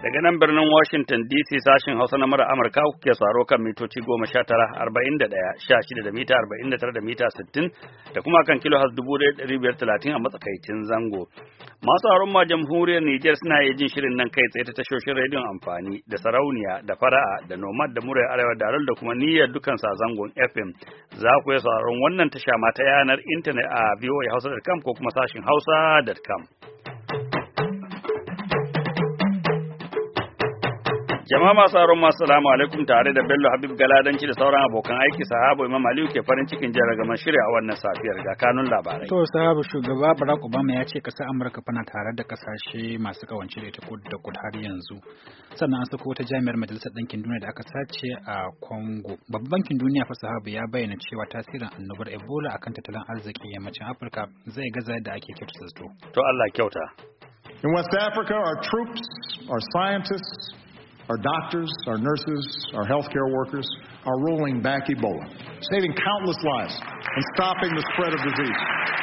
Daga nan birnin Washington DC sashin Hausa na mara Amurka kuke saro kan mitoci goma sha tara arba'in da ɗaya sha shida da mita arba'in da tara da mita sittin da kuma kan kilo has dubu ɗari biyar talatin a matsakaicin zango. Masu haron ma jamhuriyar Nijar suna iya jin shirin nan kai tsaye ta tashoshin rediyon amfani da sarauniya da fara'a da nomad da murai arewa da da kuma niyyar dukkan sa zangon FM. Za ku iya sauraron wannan tasha mata ta yanar intanet a voahausa.com ko kuma sashin hausa.com. Jama'a masu aron masu salamu alaikum tare da Bello Habib Galadanci da sauran abokan aiki sahabo Imam Aliyu ke farin cikin jihar gama shirya wannan safiyar ga kanun labarai. To sahabu shugaba Barack Obama ya ce kasar Amurka fana tare da kasashe masu kawance da ita kud da kudu har yanzu. Sannan an sako wata jami'ar Majalisar Ɗinkin Duniya da aka sace a Congo. Babban Bankin Duniya fa sahabu ya bayyana cewa tasirin annobar Ebola akan tattalin arzikin yammacin Afirka zai gaza da ake kyautata To Allah kyauta. In West Africa, our troops, our scientists, our doctors, our nurses, our healthcare workers are rolling back Ebola, saving countless lives and stopping the spread of disease.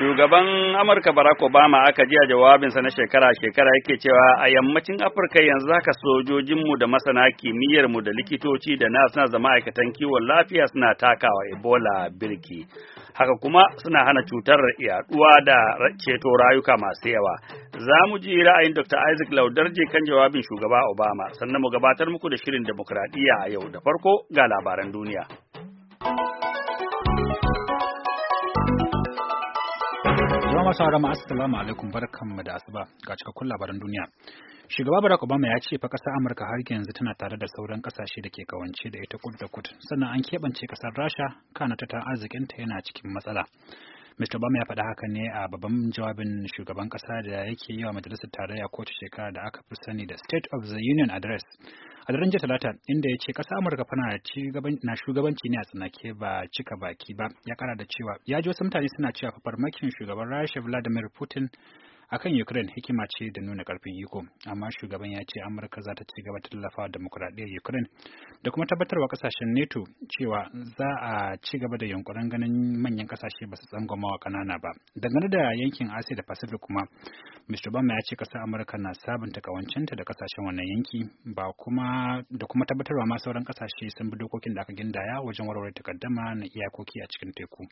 Shugaban Amurka Barack Obama aka ji a jawabinsa na shekara-shekara yake cewa a yammacin Afirka yanzu haka sojojinmu da masana kimiyyarmu da likitoci da na suna zama aikatan kiwon lafiya suna takawa Ebola birki. Haka kuma suna hana cutar yaduwa da ceto rayuka masu yawa. Za mu ji ra'ayin Dr. Isaac Laudarje kan jawabin shugaba Obama, sannan mu gabatar muku da shirin demokradiyya a yau da farko ga labaran duniya. jama'a masu harama assalamu alaikum barkanmu da asuba ga cikakkun labaran duniya shugaba barack obama ya ce fa ƙasar amurka har yanzu tana tare da sauran kasashe da ke kawance da ita kud da kud sannan an keɓance ƙasar rasha kana tattalin arzikinta yana cikin matsala Mr. Obama ya faɗa haka ne a babban jawabin shugaban ƙasa da yake yi wa majalisar tarayya kowace shekara da aka fi sani da State of the Union Address. A daren jiya Talata inda ya ce ƙasa Amurka fa na shugabanci ne a tsanake ba cika baki ba ya ƙara da cewa ya ji wasu mutane suna cewa farmakin shugaban Rasha Vladimir Putin akan Ukraine hikima ce da nuna karfin iko amma shugaban ya ce Amurka za ta ci gaba da tallafa demokradiyyar Ukraine da kuma tabbatarwa kasashen NATO cewa za a ci gaba da yunkurin ganin manyan kasashe ba su tsangwama wa kanana ba dangane da yankin Asia da Pacific kuma Mr. Obama ya ce kasar Amurka na sabunta kawancinta da kasashen wannan yanki ba kuma da kuma tabbatarwa ma sauran kasashe sun bi dokokin da aka gindaya wajen warware takaddama na iyakoki a cikin teku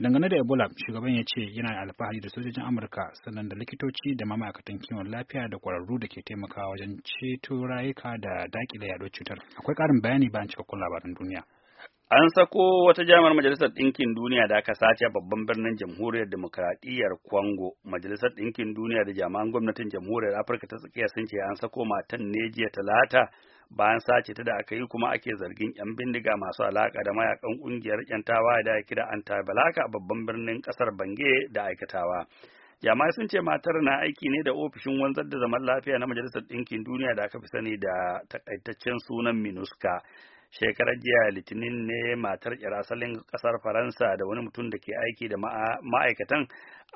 dangane da Ebola shugaban ya ce yana alfahari da sojojin Amurka sannan da likitoci da mamakatan kiwon lafiya da kwararru da ke taimakawa wajen ceto rayuka da daƙile yaɗuwar cutar. Akwai ƙarin bayani bayan cikakkun labaran duniya. An sako wata jami'ar Majalisar Ɗinkin Duniya da aka sace a babban birnin Jamhuriyar Demokuraɗiyyar Kwango. Majalisar Ɗinkin Duniya da jami'an gwamnatin Jamhuriyar Afirka ta tsakiya sun ce an sako matan ne jiya Talata bayan sace ta da aka yi kuma ake zargin 'yan bindiga masu alaka da mayakan ƙungiyar 'yan tawaye da kira Antabalaka a babban birnin ƙasar Bange da aikatawa. jami'ai sun ce matar na aiki ne da ofishin wanzar da zaman lafiya na majalisar ɗinkin duniya da aka fi sani da takaitaccen sunan minuska shekarar jiya litinin ne matar asalin kasar faransa da wani mutum da ke aiki da ma'aikatan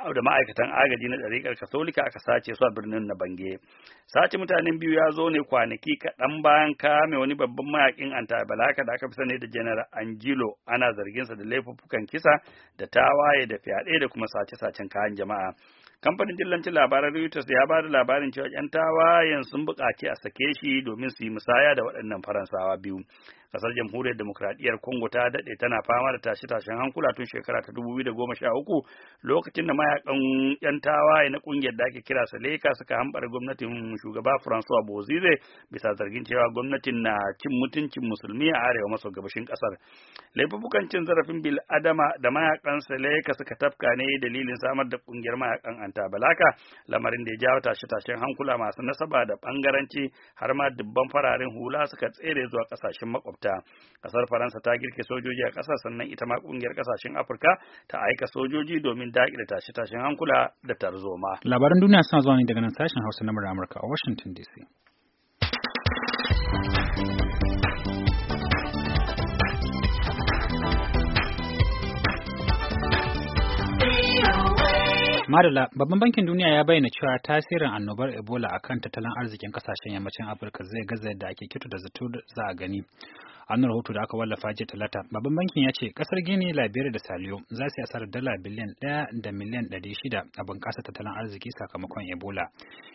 da agaji na ɗariƙar katolika aka sace su a birnin na bange sace mutanen biyu ya zo ne kwanaki kaɗan bayan kame wani babban mayakin antabalaka da aka fi sani da janar angelo ana zarginsa da laifuffukan kisa da tawaye da fyaɗe da kuma sace-sacen kayan jama'a kamfanin dillancin labaran Reuters ya ba da labarin cewa 'yan tawayen sun buƙaci a sake shi domin su yi musaya da waɗannan Faransawa biyu. kasar jamhuriyar demokradiyyar Kongo ta daɗe tana fama da tashe-tashen hankula tun shekara ta dubu biyu da goma sha uku lokacin da mayakan yan tawaye na ƙungiyar da ake kira saleka suka hambar gwamnatin shugaba francois bozize bisa zargin cewa gwamnatin na cin mutuncin musulmi a arewa maso gabashin kasar laifukan cin zarafin bil adama da mayakan saleka suka tafka ne dalilin samar da ƙungiyar mayakan antabalaka lamarin da ya jawo tashe-tashen hankula masu nasaba da bangaranci har ma dubban fararen hula suka tsere zuwa ƙasashen makwabta makwabta kasar faransa ta girke sojoji a ƙasa sannan ita ma kungiyar ƙasashen afirka ta aika sojoji domin daƙile tashe-tashen hankula da tarzoma labaran duniya suna zuwa ne daga nan sashen hausa na amurka a washington dc Madala, Babban Bankin Duniya ya bayyana cewa tasirin annobar Ebola a kan tattalin arzikin kasashen yammacin Afirka zai gaza da ake kitu da zato za a gani. Annu rahoto da aka wallafa jiya talata, Babban Bankin ya ce kasar Gini, Liberia da Saliyo za su yi asarar dala biliyan ɗaya da miliyan ɗari shida a bunƙasa tattalin arziki sakamakon Ebola,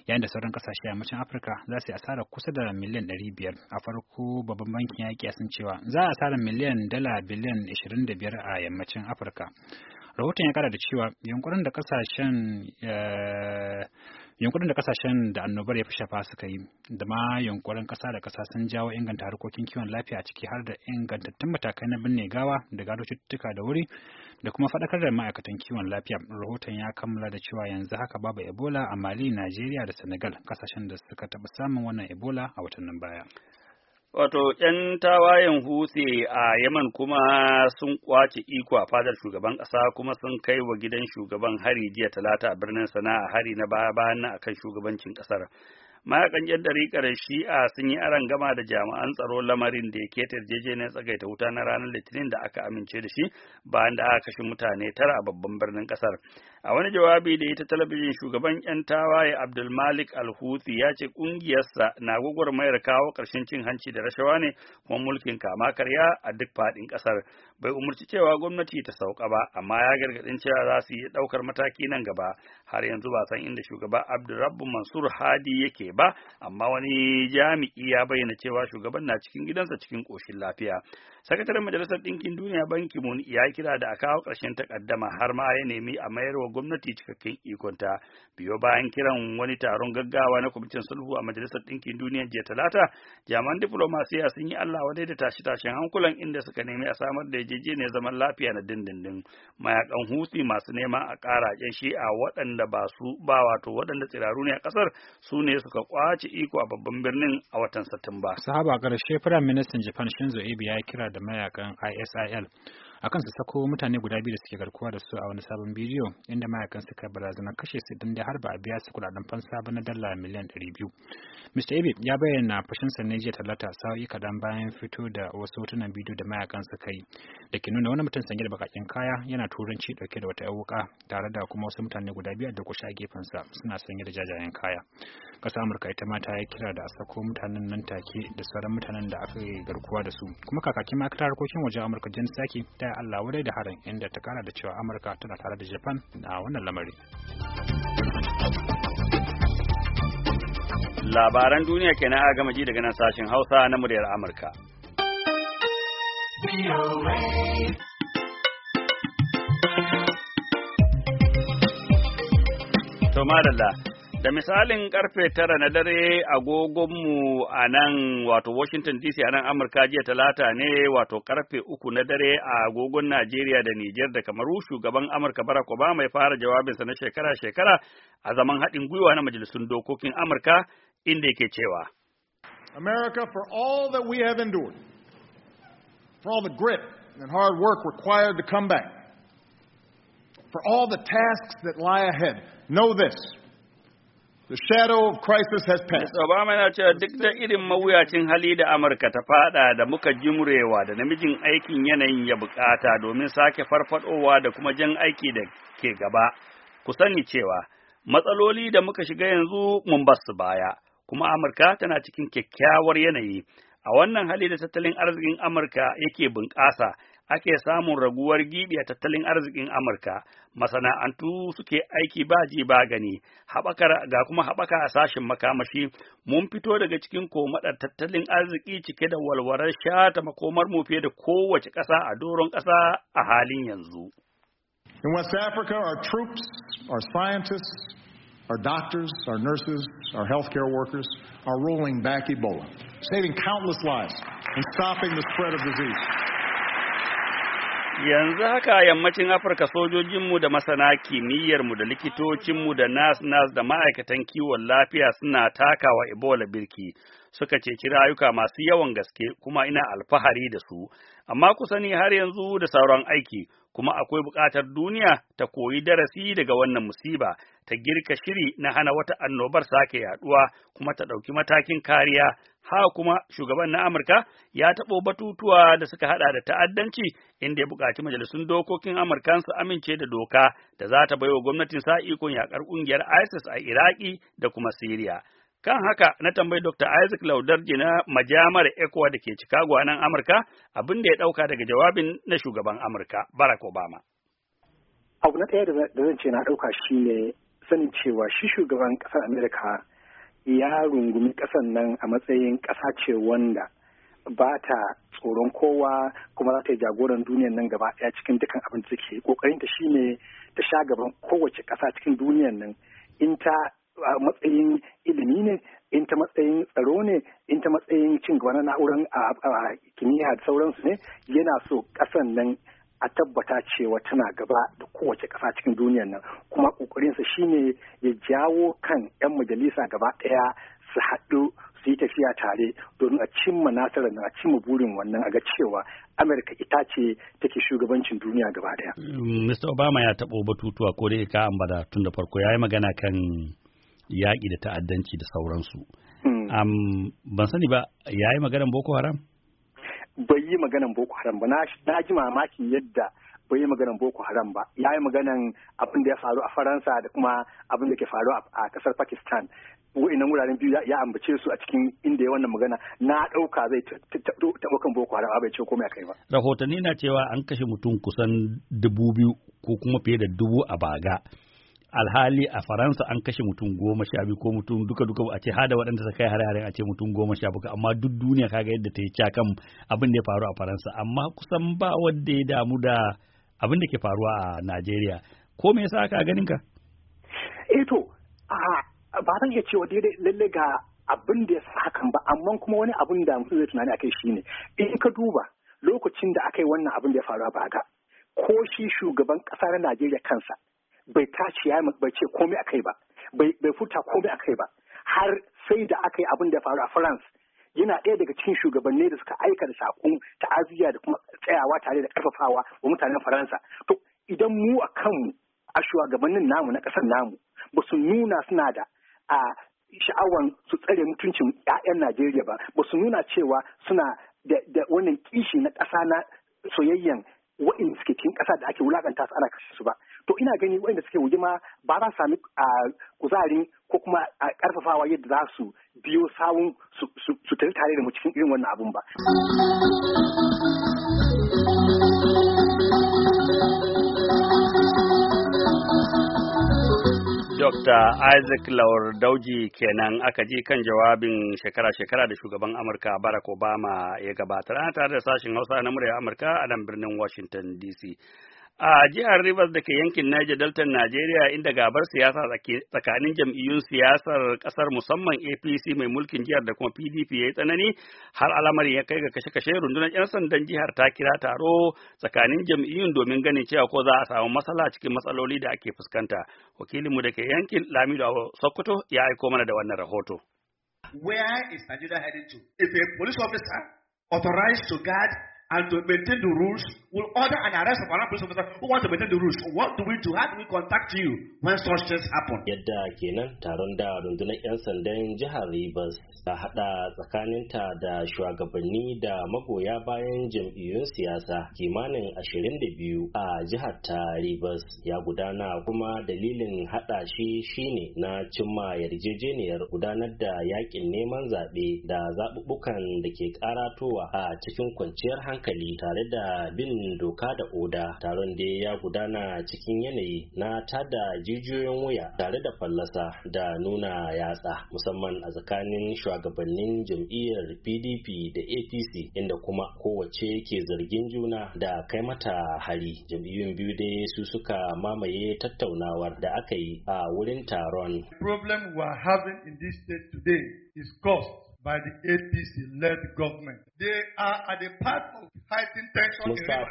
yayin da sauran kasashen yammacin Afirka za su yi asarar kusa da miliyan ɗari biyar. A farko Babban Bankin ya kiyasin cewa za a asarar miliyan dala biliyan ashirin da biyar a yammacin Afirka. rahoton ya kara da cewa yunkurin da kasashen eh, yunkurin da kasashen da annobar ya fi shafa suka yi da ma yunkurin kasa da kasa sun jawo inganta harkokin kiwon lafiya a ciki har da ingantattun matakai na binne gawa da gado cututtuka da wuri da kuma faɗakar da ma'aikatan kiwon lafiya rahoton ya kammala da cewa yanzu haka babu ebola a mali najeriya da senegal kasashen da suka taɓa samun wannan ebola a watannin baya Wato, ‘yan tawayen hutse a Yaman kuma sun kwace iko a fadar shugaban ƙasa kuma sun kai wa gidan shugaban hari jiya talata a birnin sana'a hari na baya bayan na akan shugabancin ƙasar. Mayakan ‘yan ɗariƙar shi'a sun yi aron gama da jami'an tsaro lamarin da ya keta yarjejeniyar tsagaita wuta na ranar Litinin da aka amince da shi bayan da aka kashe mutane tara a babban birnin ƙasar. A wani jawabi da ita talabijin shugaban 'yan tawaye Abdulmalik Alhuthi ya ce ƙungiyarsa na gwagwarmayar kawo ƙarshen cin hanci da rashawa ne kuma mulkin kama karya a duk faɗin ƙasar. Bai umarci cewa gwamnati ta sauka ba, amma ya gargaɗin cewa za su yi ɗaukar mataki nan gaba. Har yanzu ba san inda shugaba Abdulrabbu Mansur Hadi yake ba, amma wani jami'i ya bayyana cewa shugaban na cikin gidansa cikin ƙoshin lafiya. Sakataren Majalisar Ɗinkin Duniya Banki Mun ya kira da a kawo ƙarshen takaddama har ma ya nemi a mayarwa gwamnati cikakken ikonta biyo bayan kiran wani taron gaggawa na kwamitin sulhu a majalisar ɗinkin duniya jiya talata jami'an diplomasiya sun yi allah wadai da tashi tashin hankulan inda suka nemi a samar da yarjejeniyar zaman lafiya na dindindin mayakan hutsi masu nema a ƙara ƙarajen shi'a waɗanda ba su ba wato waɗanda tsiraru ne a ƙasar su ne suka kwace iko a babban birnin a watan satumba sahaba ƙarshe firayim ministan japan shinzo abe ya kira da mayakan isil akan su sako mutane guda biyu da suke garkuwa da su a wani sabon bidiyo inda mayakan suka barazana kashe su idan da har ba a biya su kudaden fansa ba na dala miliyan 200 Mr. Abe ya bayyana sa ne jiya talata sa'o'i kadan bayan fito da wasu hotunan bidiyo da mayakan sa kai da ke nuna wani mutum sanye da bakakin kaya yana turanci dauke da wata wuka tare da kuma wasu mutane guda biyu da kusa a sa suna sanye da jajayen kaya kasa Amurka ita ma ta yi kira da a sako mutanen nan take da sauran mutanen da aka garkuwa da su kuma kakakin ma'aikatar harkokin wajen Amurka jin saki ta Allah wadai da harin inda ta kana da cewa Amurka tana tare da Japan a wannan lamari. Labaran duniya kenan a gama ji daga nan sashen Hausa na muryar Amurka. To madalla Da misalin karfe tara na dare agogonmu a nan wato Washington DC a nan Amurka jiya talata ne wato karfe uku na dare a agogon Najeriya da Nijar da Kamaru shugaban Amurka Barack Obama ya fara jawabinsa na shekara-shekara a zaman haɗin gwiwa na majalisun dokokin Amurka inda yake cewa. America, for all that we have endured, for all the grit and hard work required to come back, for all the tasks that lie ahead, know this. The shadow of crisis has passed. Obama yana cewa duk da irin mawuyacin hali da Amurka ta fada da muka jimurewa da namijin aikin yanayin ya bukata domin sake farfadowa da kuma jan aiki da ke gaba. Ku sani cewa matsaloli da muka shiga yanzu mun basu baya, kuma Amurka tana cikin kyakkyawar yanayi. A wannan hali da tattalin arzikin Amurka yake bunƙasa, ake samun raguwar gibi a tattalin arzikin Amurka, masana'antu suke aiki ba ji ba gani, ga kuma haɓaka a sashen makamashi, mun fito daga cikin komaɗar tattalin arziki cike da walwalar shata makomar mu fiye da kowace ƙasa a doron ƙasa a halin yanzu. In West Africa, our troops, our scientists, our doctors, our nurses, our healthcare workers are rolling back Ebola, saving countless lives and stopping the spread of disease. Yanzu haka yammacin Afirka sojojinmu da masana kimiyyarmu da likitocinmu da nas-nas da ma'aikatan kiwon lafiya suna takawa Ebola birki suka ceci rayuka masu yawan gaske kuma ina alfahari da su, amma ku sani har yanzu da sauran aiki, kuma akwai buƙatar duniya ta koyi darasi daga wannan musiba, ta girka shiri na hana wata annobar sake yaduwa kuma ta ɗauki matakin kariya. Ha kuma shugaban na Amurka ya taɓo batutuwa da suka haɗa da ta'addanci inda ya buƙaci majalisun dokokin Amurka su amince da doka da za ta baiwa gwamnatin sa ikon yaƙar ƙungiyar ISIS a Iraki da kuma Siriya. Kan haka na tambayi Dr. Isaac Laudarji na majamar ECOWA da ke Chicago a nan Amurka abin da ya ɗauka daga jawabin na shugaban Amurka Barack Obama. Abu na ɗaya da zan ce na ɗauka shi ne sanin cewa shi shugaban ƙasar Amurka ya rungumi ƙasar nan a matsayin ƙasa ce wanda ba ta tsoron kowa kuma za ta yi jagoran duniyar nan gaba ɗaya cikin dukkan abin da take kokarin ta ne ta sha gaban kowace ƙasa cikin duniyar nan in ta a matsayin ilimi ne in ta matsayin tsaro ne in ta matsayin cin gaba na na'urar a kimiyya da sauransu ne yana so kasan nan a tabbata cewa tana gaba da kowace kasa cikin duniyar nan kuma ƙoƙarinsa shine ya jawo kan 'yan majalisa gaba ɗaya su haɗu su yi tafiya tare domin a cimma nasarar nan a cimma burin wannan a ga cewa amurka ita ce take shugabancin duniya gaba ɗaya. mr mm, obama ya taɓo batutuwa ko da ka ambata tun da farko ya yi magana kan yaƙi da ta'addanci da sauransu. Hmm. ban sani ba ya yi maganan Boko Haram? Bai yi maganan Boko Haram ba, na ji mamaki yadda bai yi maganan Boko Haram ba, ya yi maganan abin da ya faru a Faransa da kuma abin da ke faru a ƙasar Pakistan. nan wuraren biyu ya ambace su a cikin inda ya wannan magana na ɗauka zai taɓa kan boko haram bai ce komai mai kai ba. rahotanni na cewa an kashe mutum kusan dubu biyu ko kuma fiye da dubu a baga alhali a faransa an kashe mutum goma sha biyu ko mutum duka duka a ce hada waɗanda suka kai hare-haren a ce mutum goma sha biyu amma duk duniya kaga yadda ta yi cakan abin da ya faru a faransa amma kusan ba wanda ya damu da abin da ke faruwa a najeriya ko me yasa aka ganin ka eh to ba zan iya cewa daidai lalle ga abin da ya sa hakan ba amma kuma wani abin da mutum zai tunani akai shine in ka duba lokacin da aka yi wannan abin da ya faru a baga ko shi shugaban ƙasa na Najeriya kansa bai tashi ya bai ce komai akai ba bai furta komai akai ba har sai da aka yi abin da faru a France yana ɗaya daga cikin shugabanni da suka aika da sakon ta'aziyya da kuma tsayawa tare da ƙarfafawa wa mutanen Faransa to idan mu a kanmu a shugabannin namu na ƙasar namu ba su nuna suna da a sha'awan su tsare mutuncin 'ya'yan Najeriya ba ba su nuna cewa suna da wannan kishi na ƙasa na soyayyan wa'in suke cikin ƙasa da ake wulakanta su ana kashe su ba to ina gani waɗanda suke waje ma ba za sami kuzarin ko kuma a karfafawa yadda za su biyo sawun su tare tare da mu cikin irin wannan abun ba. Dr. Isaac Lawar Dauji kenan aka ji kan jawabin shekara-shekara da shugaban Amurka Barack Obama ya gabatar. Ana tare da sashen Hausa na murya Amurka a nan birnin Washington DC. a jihar Rivers da ke yankin Niger Delta Najeriya inda gabar siyasa tsakanin jam'iyyun siyasar kasar musamman APC mai mulkin jihar da kuma PDP ya yi tsanani har alamarin ya kai ga kashe-kashe rundunar 'yan sandan jihar ta kira taro tsakanin jam'iyyun domin ganin cewa ko za a samu matsala cikin matsaloli da ake fuskanta. Wakilinmu da ke yankin Lamido Sokoto ya aiko mana da wannan rahoto. Where is Nigeria heading to? If a police officer authorized to guard and to maintain the rules, will order an arrest of another police officer who wants to maintain the rules. What do we do? How do we contact you when such things happen? Yadda kenan taron da rundunar 'yan sandan jihar Rivers ta hada tsakaninta da shugabanni da magoya bayan jam'iyyun siyasa kimanin 22 a jihar ta Rivers ya gudana kuma dalilin hada shi shine na cimma yarjejeniyar gudanar da yakin neman zaɓe da zaɓuɓɓukan da ke ƙaratowa a cikin kwanciyar hankali. hankali tare da bin doka da oda taron da ya gudana cikin yanayi na tada jijiyoyin wuya tare da fallasa da nuna yatsa musamman a tsakanin shugabannin jam'iyyar pdp da apc inda kuma kowace ke zargin juna da kai mata hari jam'iyyun biyu dai su suka mamaye tattaunawar da aka yi a wurin taron problem we are having in this state today is cost by the APC-led government. They are at the path of heightened tension. Mr.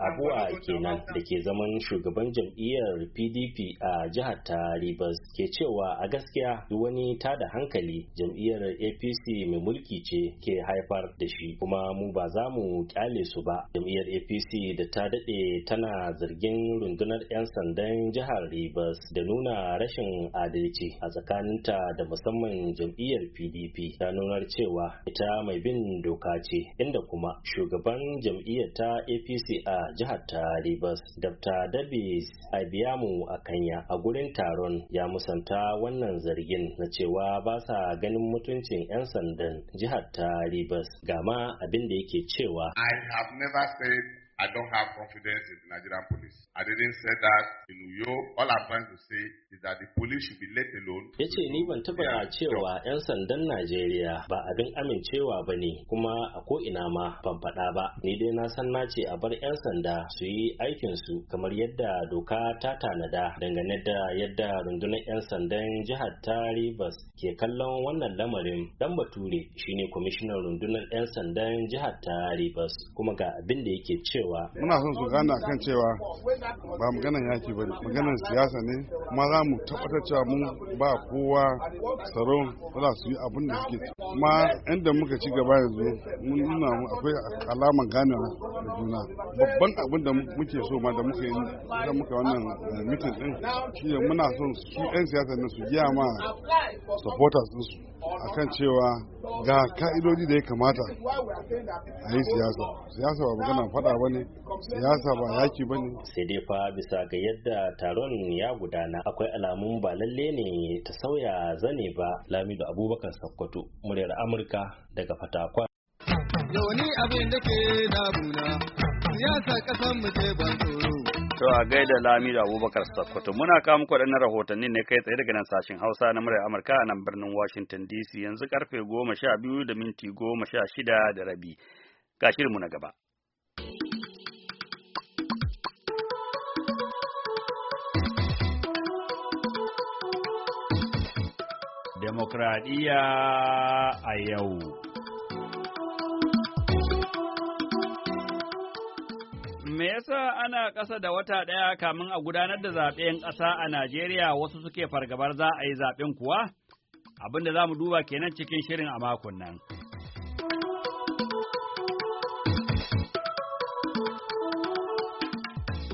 Abuwa kenan da ke zaman shugaban jam'iyyar PDP a jihar ta Rivers ke cewa a gaskiya wani wani da hankali jam'iyyar APC mai mulki ce ke haifar da shi kuma mu ba za mu kyale su ba. Jam'iyyar APC da ta daɗe tana zargin rundunar 'yan sandan jihar Rivers da nuna rashin adalci a tsakaninta da musamman jam'iyyar PDP ta nuna kamar cewa ita mai bin doka ce inda kuma shugaban jam'iyyar ta apc a jihar ta rivers dr davis abiyamu a kanya a gurin taron ya musanta wannan zargin na cewa ba sa ganin mutuncin 'yan sandan jihar ta rivers gama abin da yake cewa i have never said I don't have confidence in the Nigerian police. I didn't say that in Uyo. All I'm trying to say is that the police should be let alone. Ya ce ni ban taba cewa 'yan sandan Najeriya ba abin amincewa ba ne kuma a ko'ina ma ban faɗa ba. Ni dai na san na ce a bar 'yan sanda su yi aikinsu kamar yadda doka ta tanada dangane da yadda rundunar 'yan sandan jihar ta Rivers ke kallon wannan lamarin. Dan Bature shine kwamishinan rundunar 'yan sandan jihar ta Rivers kuma ga abin da yake cewa muna son su gana kan cewa ba maganan yaki ba maganan siyasa ne kuma za mu tabbatar cewa mun ba kowa tsaro za su yi abin da suke kuma inda muka ci gaba yanzu mun nuna akwai alaman ganewa da juna babban abin da muke so ma da muka yi da muka wannan eh, mitin din shine muna son su 'yan siyasa ne su giya ma supporters din su akan cewa ga ka'idodi da ya kamata a yi siyasa siyasa ba magana faɗa ba ne siyasa ba yaki ba ne sai dai fa bisa ga yadda taron ya gudana akwai alamun ba lalle ne ta sauya zane ba lamido abubakar sakkwato muryar amurka daga fatakwa yau abin da ke damuna siyasa kasan mu ce ban tsoro To a gaida Lami da Abubakar Sakkwato muna kama muku waɗannan rahotannin ne kai tsaye daga nan sashen Hausa na murar Amurka a nan birnin Washington DC yanzu karfe goma sha biyu da minti goma sha shida da rabi. Ga shirinmu na gaba. Demokradiyya a yau. Me yasa ana ƙasa da wata ɗaya kamin a gudanar da zaɓen ƙasa a Najeriya wasu suke fargabar za a yi zaɓen kuwa? Abin da za mu duba kenan cikin shirin a makon nan.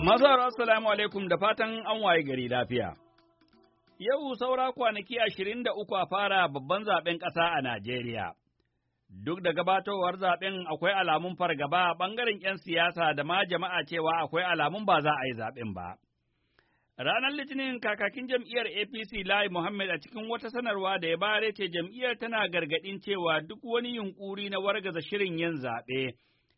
Masu assalamu alaikum da fatan an waye gari lafiya. Yau saura kwanaki ashirin da uku a fara babban zaɓen ƙasa a Najeriya. Duk da gabatowar zaɓen akwai alamun fargaba a ɓangaren ‘yan siyasa da ma jama'a cewa akwai alamun ba za a yi zaɓen ba. Ranar Litinin kakakin jam'iyyar APC Lai Muhammad a cikin wata sanarwa da ya bare ce jam'iyyar tana gargaɗin cewa duk wani yunƙuri na wargaza shirin yin zaɓe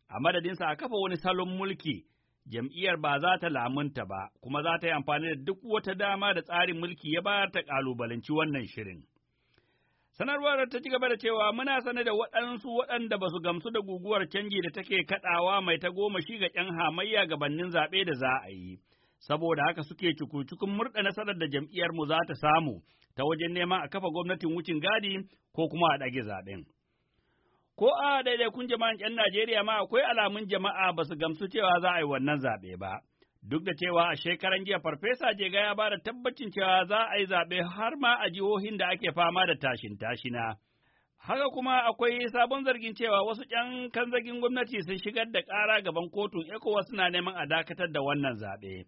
a madadinsa a kafa wani salon mulki, jam'iyyar ba za ta lamunta ba, kuma za ta yi amfani da duk wata dama da tsarin mulki ya bayar ta ƙalubalanci wannan shirin. Sanarwar ta ci gaba da cewa muna sane da waɗansu waɗanda ba su gamsu da guguwar canji da take kaɗawa mai ta goma shi ga ‘yan hamayya gabannin zaɓe da za a yi, saboda haka suke cuku-cukun murɗa nasarar da jam'iyyarmu za ta samu ta wajen neman a kafa gwamnatin wucin gadi ko kuma a ɗage zaɓen. Ko a daidaikun jama'an ‘yan Najeriya ma akwai alamun jama'a ba su gamsu cewa za a yi wannan zaɓe ba. Duk da cewa a shekaran jiya Farfesa Jega ya bada tabbacin cewa za a yi zaɓe har ma a jihohin da ake fama da tashin tashina. Haka kuma akwai sabon zargin cewa wasu ‘yan kanzagin gwamnati sun shigar da ƙara gaban kotun ECOWAS suna neman a dakatar da wannan zaɓe.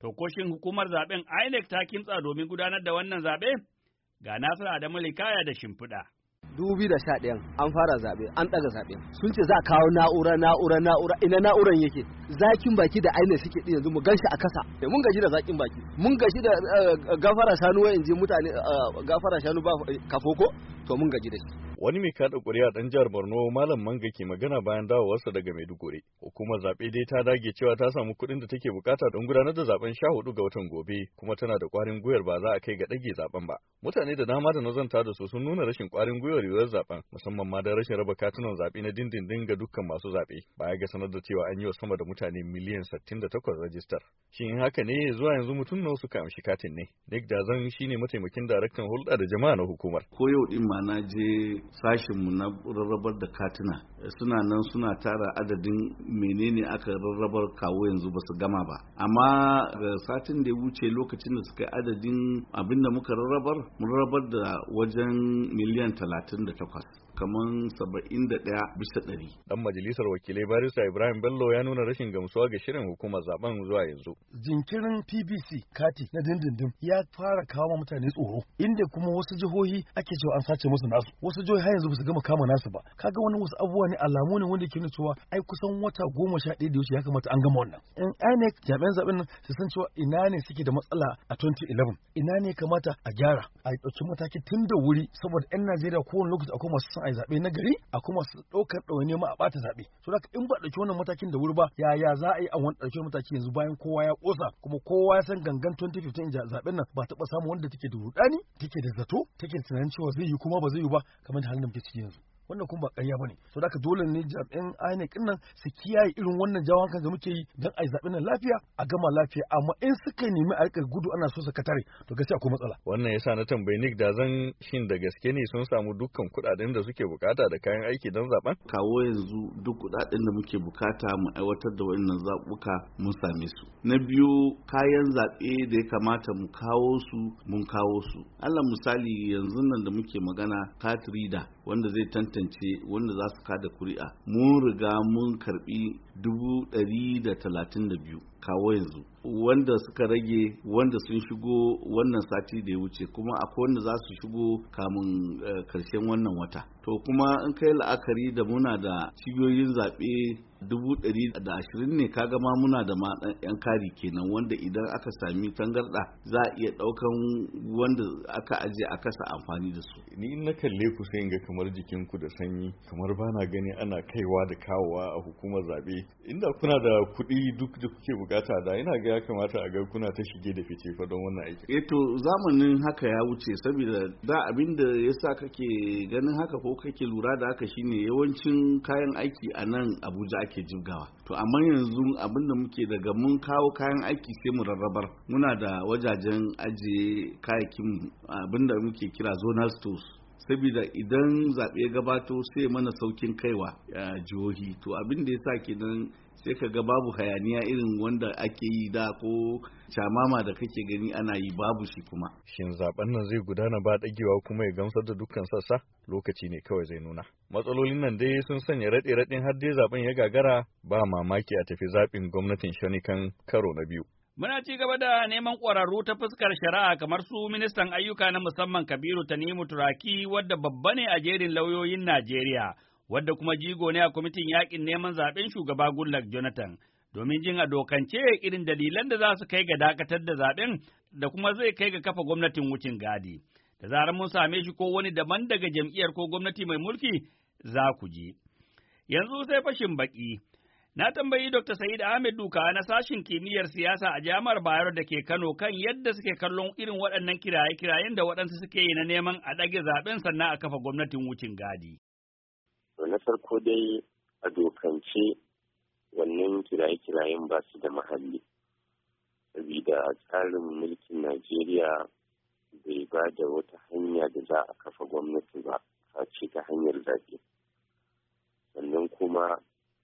To, ko hukumar zaɓen INEC ta kimtsa domin gudanar da wannan zaɓe? Ga Nasiru Adamu Likaya da Shimfiɗa. 2011 an fara zaɓe an ɗaga zaɓe sun ce za a kawo na'ura na'ura na'ura ina na'uran yake zakin baki da aina suke ɗin yanzu mu gan shi a kasa da eh, mun gaji da zakin baki mun gaji da eh, gafara shanu in je mutane eh, gafara shanu ba kafoko to mun gaji da shi. Wani mai kada ƙuri'a dan jihar Borno Malam Manga ke magana bayan dawowarsa daga Maiduguri. Hukumar zaɓe dai ta dage cewa ta samu kuɗin da take bukata don gudanar da zaben sha hudu ga watan gobe kuma tana da ƙwarin gwiwar ba za a kai ga ɗage zaben ba. Mutane da dama da nazanta da su sun nuna rashin ƙwarin gwiwar yiwuwar zaben musamman ma da rashin raba katunan zaɓe na dindindin ga dukkan masu zaɓe baya ga sanar da cewa an yi wa sama da mutane miliyan 68 rajistar. Shin haka ne zuwa yanzu mutum nawa suka amshi katin ne? Nick Dazan shine mataimakin daraktan hulɗa da jama'a na hukumar. Ko yau din ma na je sashinmu na rarrabar da katina suna nan suna tara adadin menene aka rarrabar kawo yanzu ba su gama ba amma satin da ya wuce lokacin da suka adadin abinda muka rarrabar mun rarrabar da wajen miliyan talatin da takwas kamar saba'in da ɗaya bisa ɗari. Dan majalisar wakilai Barisa Ibrahim Bello ya nuna rashin gamsuwa ga shirin hukumar zaben zuwa yanzu. Jinkirin PBC kati na dindindin ya fara kawo mutane tsoro inda kuma wasu jihohi ake cewa an sace musu nasu wasu jihohi har yanzu ba su gama kama nasu ba kaga wani wasu abubuwa ne alamu ne wanda ke nuna cewa ai kusan wata goma sha ɗaya da wuce ya kamata an gama wannan. In INEC jami'an zaben nan su san cewa ina ne suke da matsala a 2011 ina ne kamata a gyara a ɗauki mataki tun da wuri saboda 'yan Najeriya kowane lokaci akwai masu son yi zaɓe na gari a kuma su ɗaukar ɗawainiyar nema a ɓata zaɓe su da in ba ɗauki wannan matakin da wuri ba yaya za a yi a wani ɗauki mataki yanzu bayan kowa ya ƙosa kuma kowa ya san gangan 2015 zaɓen nan ba taɓa samun wanda take da ruɗani take da zato take da tunanin cewa zai yi kuma ba zai yi ba kamar da halin da muke ciki yanzu. wannan kuma ba ƙarya ne, so da dole ne jami'an INEC nan su kiyaye irin wannan jawo hankali da muke yi a yi zaɓen nan lafiya a gama lafiya amma in suka nemi a gudu ana so su tare to gaskiya akwai matsala wannan yasa na tambayi Nick da zan shin da gaske ne sun samu dukkan kuɗaɗen da suke bukata da kayan aiki don zaɓen kawo yanzu duk kuɗaɗen da muke bukata mu aiwatar da wannan zaɓuka mun same su na biyu kayan zaɓe da ya kamata mu kawo su mun kawo su Allah misali yanzu nan da muke magana cat wanda zai tantance wanda za su kada kuri'a mun riga mun karbi dubu ɗari da talatin da biyu kawo yanzu wanda suka rage wanda sun shigo wannan sati da ya wuce kuma akwai wanda za su shigo kamun eh, karshen wannan wata to kuma in kai la'akari da muna da cibiyoyin zaɓe dubu ɗari da ashirin ne kaga ma muna da ma yan kari kenan wanda idan aka sami tangarɗa za a iya ɗaukan wanda aka ajiye a kasa amfani da su ni in na kalle ku sai ga kamar jikin ku da sanyi kamar bana gani ana kaiwa da kawowa a hukumar zaɓe inda kuna da kuɗi duk da kuke bukata da ina ga ya kamata a ga kuna ta shige da fice fa don wannan aiki eh to zamanin haka ya wuce saboda da abin da yasa kake ganin haka ko kake lura da haka shine yawancin kayan aiki a nan Abuja ake jibgawa to amma yanzu abin da muke daga mun kawo kayan aiki sai mu rarrabar muna da wajajen ajiye kayakin abin da muke kira zonal stores saboda idan zaɓe gabato sai mana saukin kaiwa a eh, jihohi to abin da ya sa kenan sai ka ga babu hayaniya irin wanda ake yi da ko shamama da kake gani ana yi babu shi kuma. Shin zaben nan zai gudana ba dagewa kuma ya gamsar da dukkan sassa lokaci ne kawai zai nuna. Matsalolin nan dai sun sanya raɗe-raɗin har dai zaben ya gagara ba mamaki a tafi zaɓin gwamnatin Shanikan karo na biyu. Muna ci gaba da neman ƙwararru ta fuskar shari'a kamar su ministan ayyuka na musamman Kabiru Tanimu Turaki wadda babba ne a jerin lauyoyin Najeriya. wadda kuma jigo ne a kwamitin yakin neman zaɓen shugaba Goodluck Jonathan, domin jin a dokance irin dalilan da za su kai ga dakatar da zaɓen da kuma zai kai ga kafa gwamnatin wucin gadi. Da zarar mun same shi ko wani daban daga jam'iyyar ko gwamnati mai mulki za ku ji. Yanzu sai fashin baƙi. Na tambayi Dr. Sa'id Ahmed Duka na sashin kimiyyar siyasa a jami'ar Bayero da ke Kano kan yadda suke kallon irin waɗannan kiraye-kirayen da waɗansu suke yi na neman a ɗage zaɓen sannan a kafa gwamnatin wucin gadi. To na farko dai a dokance wannan kiraye-kirayen ba su da mahalli. Sabida tsarin mulkin Najeriya bai ba da wata hanya da za a kafa gwamnati ba, ce ta hanyar zaɓe. Sannan kuma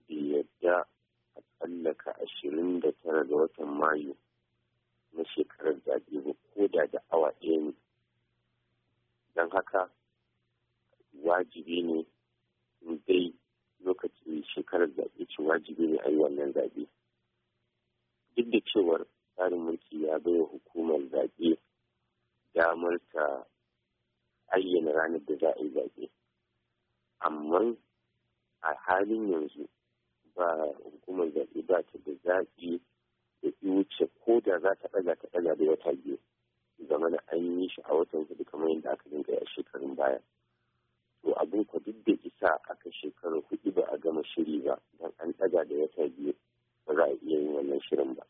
bai yadda a tsallaka ashirin da tara ga watan Mayu na shekarar zaɓe ba ko da da awa ɗaya ne. Don haka wajibi ne dai lokacin shekarar zaɓe ce wajibi ne a yi wannan zaɓe duk da cewar tsarin mulki ya baiwa hukumar zaɓe damar ta ayyana ranar da za a yi zaɓe amma a halin yanzu ba hukumar zaɓe ba ta da zaɓe da wuce ko da za ta ɗaga ta ɗaga da wata biyu zama an yi shi a watan hudu kamar yadda aka dinga a shekarun baya. to abin ku duk da isa aka shekaru kuɗi ba a gama shiri ba don an ɗaga da wata biyu ba za a iya yin wannan shirin ba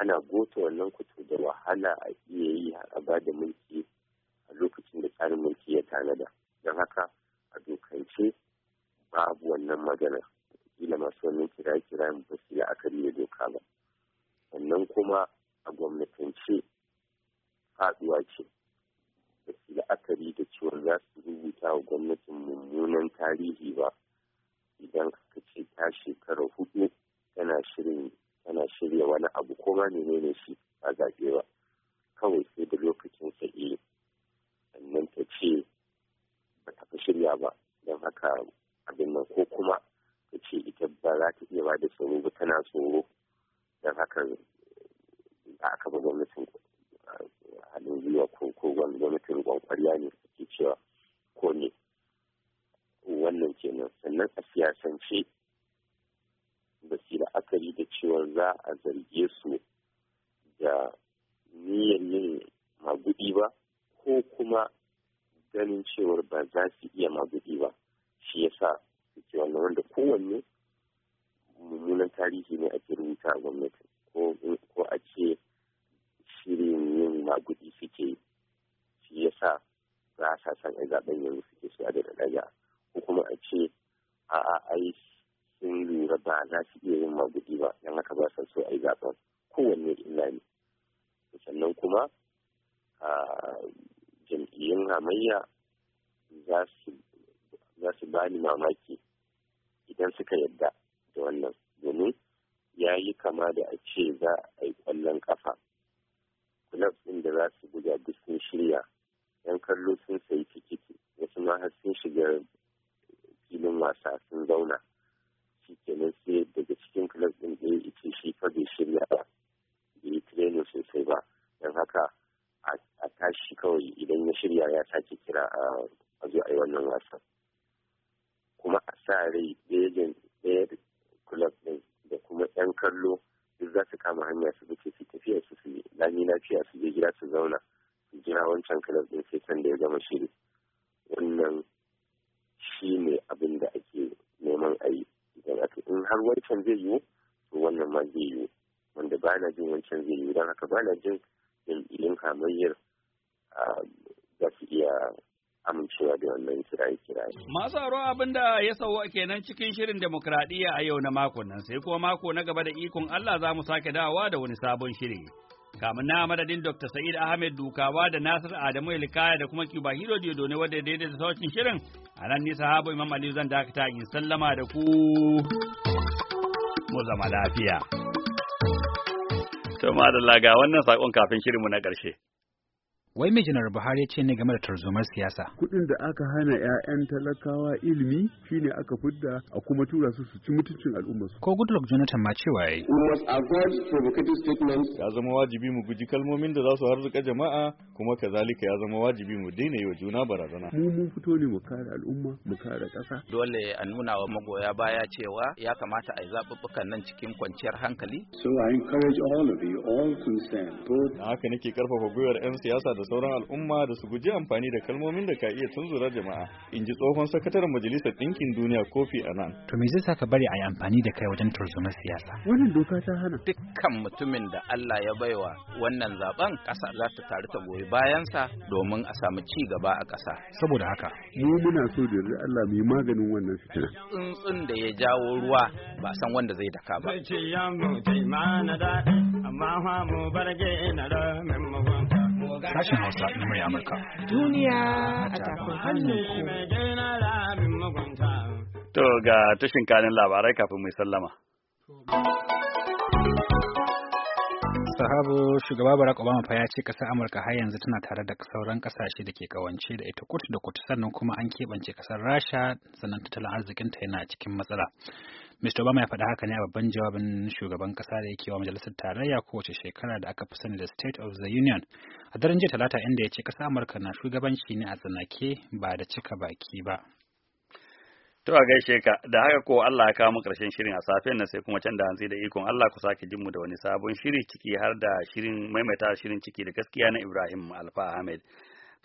ana goto wannan kutu da wahala a iya yi har a ba da mulki a lokacin da tsarin mulki ya tanada don haka a dokance babu wannan magana kila masu wannan kira kira ba su la'akari da doka ba wannan kuma a gwamnatance faɗuwa ce da la'akari da cewa za su rubuta wa gwamnatin mummunan tarihi ba idan aka ce ta shekara hudu tana shirin tana shirya wani abu ko ma menene shi a zaɓe ba kawai sai da lokacin sa e, sannan ta ce ba ta fi shirya ba don haka abin nan ko kuma ta ce ita ba za ta iya ba da tsoro ba tana tsoro don haka aka ba gwamnatin wani gwamnatin ruwan ƙwarya ne ke cewa ko ne wannan kenan sannan a siyasance ba su la'akari da cewa za a zarge su da niyyar yin magudi ba ko kuma ganin cewar ba za su iya magudi ba shi ya yasa suke wannan wanda kowanne mummunan tarihi ne ake rubuta a gwamnati ko a ce shirin yin magudi ai zaben yanzu suke so a daɗa ɗaya ko kuma a ce a a ai sun lura ba za su iya yin magudi ba don haka ba sa so ai zaben kowanne illa ne sannan kuma jam'iyyun hamayya za su ba ni mamaki idan suka yadda da wannan domin ya yi kama da a ce za a yi kwallon kafa kulab ɗin da za su buga duk sun shirya yan kallo sun sayi tikiti wasu ma har sun shiga filin wasa sun zauna shi kenan sai daga cikin club din ɗaya ita shi fa bai shirya ba bai yi training sosai ba don haka a tashi kawai idan ya shirya ya sake kira a zo a yi wannan wasan kuma a sa rai ɗaya club din da kuma yan kallo duk za su kama hanya su buke su tafiya su su lami lafiya su je gida su zauna jira wancan club din sai da ya gama shiri wannan shi ne abin da ake neman a yi idan aka in har wancan zai yi to wannan ma zai yi wanda ba na jin wancan zai yi don haka ba na jin jam'iyyun hamayyar za su iya amincewa da wannan kiraye-kiraye. Masu aro abin da ya sauwa kenan cikin shirin demokradiyya a yau na makon nan sai kuma mako na gaba da ikon Allah za mu sake dawa da wani sabon shiri. kamun na madadin Dr. Sa'id Ahmed Dukawa da Nasir Adamu Ilkaya da kuma Cuba Hiro Diodone wadda ya daidaita sautin shirin a nan nisa habu Imam Aliyu zan dakata in sallama da ku mu zama lafiya. To da ga wannan saƙon kafin shirinmu na ƙarshe. Wai mai janar Buhari ya ce ne game da tarzomar siyasa. Kuɗin da aka hana 'ya'yan talakawa ilimi shine aka fudda a kuma tura su su ci mutuncin al'umma Ko Goodluck Jonathan ma cewa yayi. We must avoid provocative statements. Ya zama wajibi mu guji kalmomin da za su harzuka jama'a kuma kazalika ya zama wajibi mu daina yi wa juna barazana. Mu mun fito ne mu kare al'umma mu kare kasa. Dole a nuna wa magoya baya cewa ya kamata a yi zaɓuɓɓukan nan cikin kwanciyar hankali. So I encourage all of you all concerned. Both... Haka nake karfafa gwiwar 'yan siyasa da da sauran al'umma da su guji amfani da kalmomin da ka iya tunzura jama'a in ji tsohon sakataren majalisar ɗinkin duniya kofi nan. to me zai saka bari a yi amfani da kai wajen turzumar siyasa wannan doka ta hana dukkan mutumin da Allah ya baiwa wannan zaben ƙasa za ta taru ta goyi bayansa domin a samu ci gaba a ƙasa saboda haka mu muna so da Allah mu maganin wannan fitina tsuntsun da ya jawo ruwa ba san wanda zai daka ba na amma mu barge na ramin sashen Hausa na murya Amurka. Duniya a tafin hannunku. To ga tashin kanin labarai kafin mai sallama. Sahabu shugaba Barack Obama fa ya ce kasar Amurka har yanzu tana tare da sauran kasashe da ke kawance da ita kutu da kutu sannan kuma an keɓance kasar Rasha sannan tattalin arzikinta yana cikin matsala. Mr. Obama ya faɗa haka ne a babban jawabin shugaban kasa da yake wa majalisar tarayya kowace shekara da aka fi sani da State of the Union. A daren jiya talata inda ya ce kasar Amurka na shugabanci ne a tsanake ba da cika baki ba. To a gaishe ka da haka ko Allah ya kawo mu karshen shirin a safiyar nan sai kuma can da hantsi da ikon Allah ku sake jin mu da wani sabon shiri ciki har da shirin maimaita shirin ciki da gaskiya na Ibrahim Alfa Ahmed.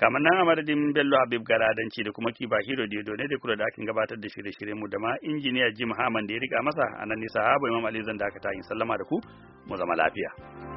kamar nan a madadin bello habib garadanci da kuma kiba hiro da ne da kula da akin gabatar da shirye mu da ma injiniya jim haman da ya rika masa a nan nisa habu imam ali zan dakata aka sallama da ku mu zama lafiya.